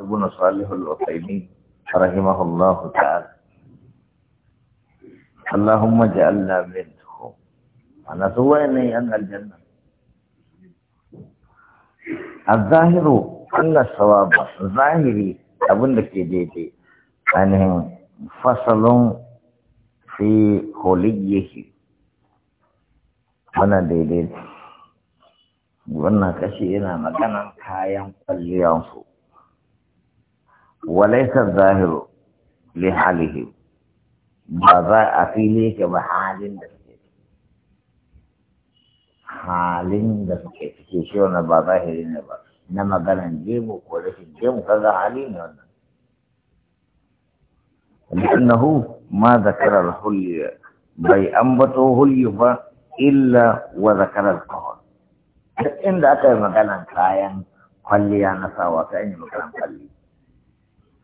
ابن صالح العثيمين رحمه الله تعالى اللهم اجعلنا منهم انا سويني ان الجنه الظاهر ان الصواب fasalon fi holiyyahi wannan daidai wannan kashi yana magana kayan kwalliyansu وليس الظاهر لحاله بضاء فيني كمحال دسكت حال دسكت كي شونا بظاهر نبا نما قال نجيبه وليس نجيب كذا حالين ولا لأنه ما ذكر الحلية بي أنبطه حلية إلا وذكر القهر إن ذاكر مثلا كاين قلي أنا سوا كاين مثلا قلي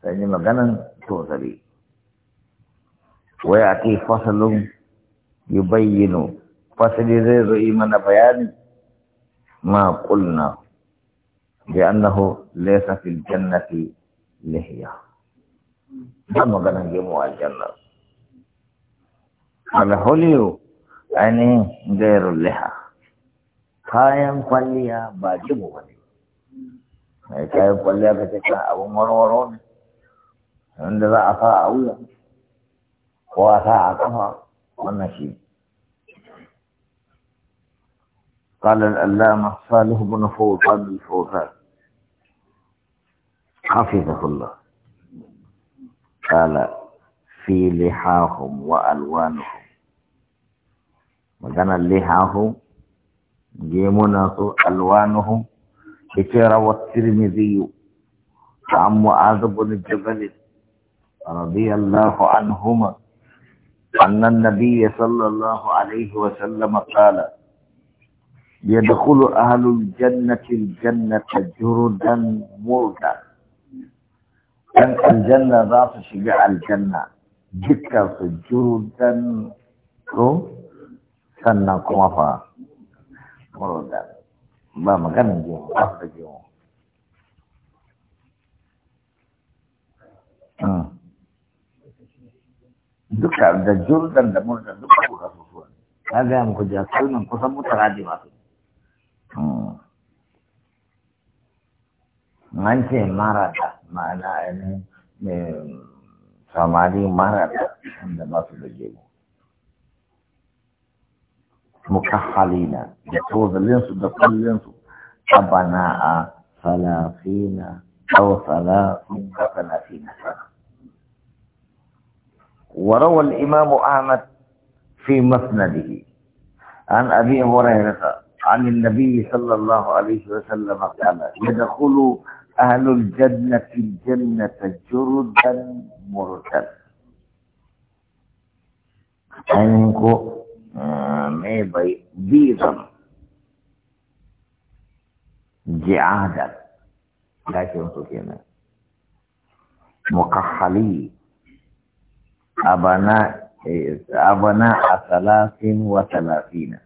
sai yi maganan tozali waya ake fasalin yi bayyano fasali zai zo yi mana bayani ma kulna da annahu laysa fil jannati lihiya ba maganan gemu aljanna alhuliyu ainihin gairun liha kayan kwalliya ba jibu ba ne mai kayan kwalliya ka ce kan abin warwaro ne عند ذا a sa a wuya ko قال الألامة صالح بن فوزان الفوزان حفظه الله قال في لحاهم وألوانهم وكان لحاهم جيمنا ألوانهم كتير والترمذي عم معاذ بن جبل رضي الله عنهما أن النبي صلى الله عليه وسلم قال يدخل أهل الجنة الجنة جردا مردا أن الجنة ذات شجاع الجنة جكر جردا sannan kuma fa muroda ba maganin gemu ba da gemu duka da jurdan da murdan duka ku kasu wani? ka gaya muku da kalman kusan mutara da masu hmm. an ce marata ma'ana ainihin eh, samari marata wanda ba su da jego mukahhalina da tozalinsu da kwallinsu abana a salafina aw salafin ka salafina وروى الإمام أحمد في مسنده عن أبي هريرة عن النبي صلى الله عليه وسلم قال يدخل أهل الجنة الجنة جردا مردا أنكو آه، ميبي بيضا جعادا لكن كنا مكحلين أبناء أبناء ثلاث وثلاثين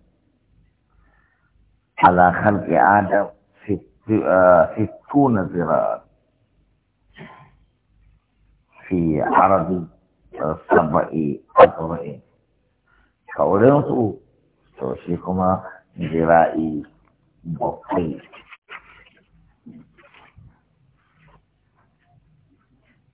على خلق آدم آه، ستون ذراعا في عرض سبع أذرع كورنسو توشيكما ذراعي بقيت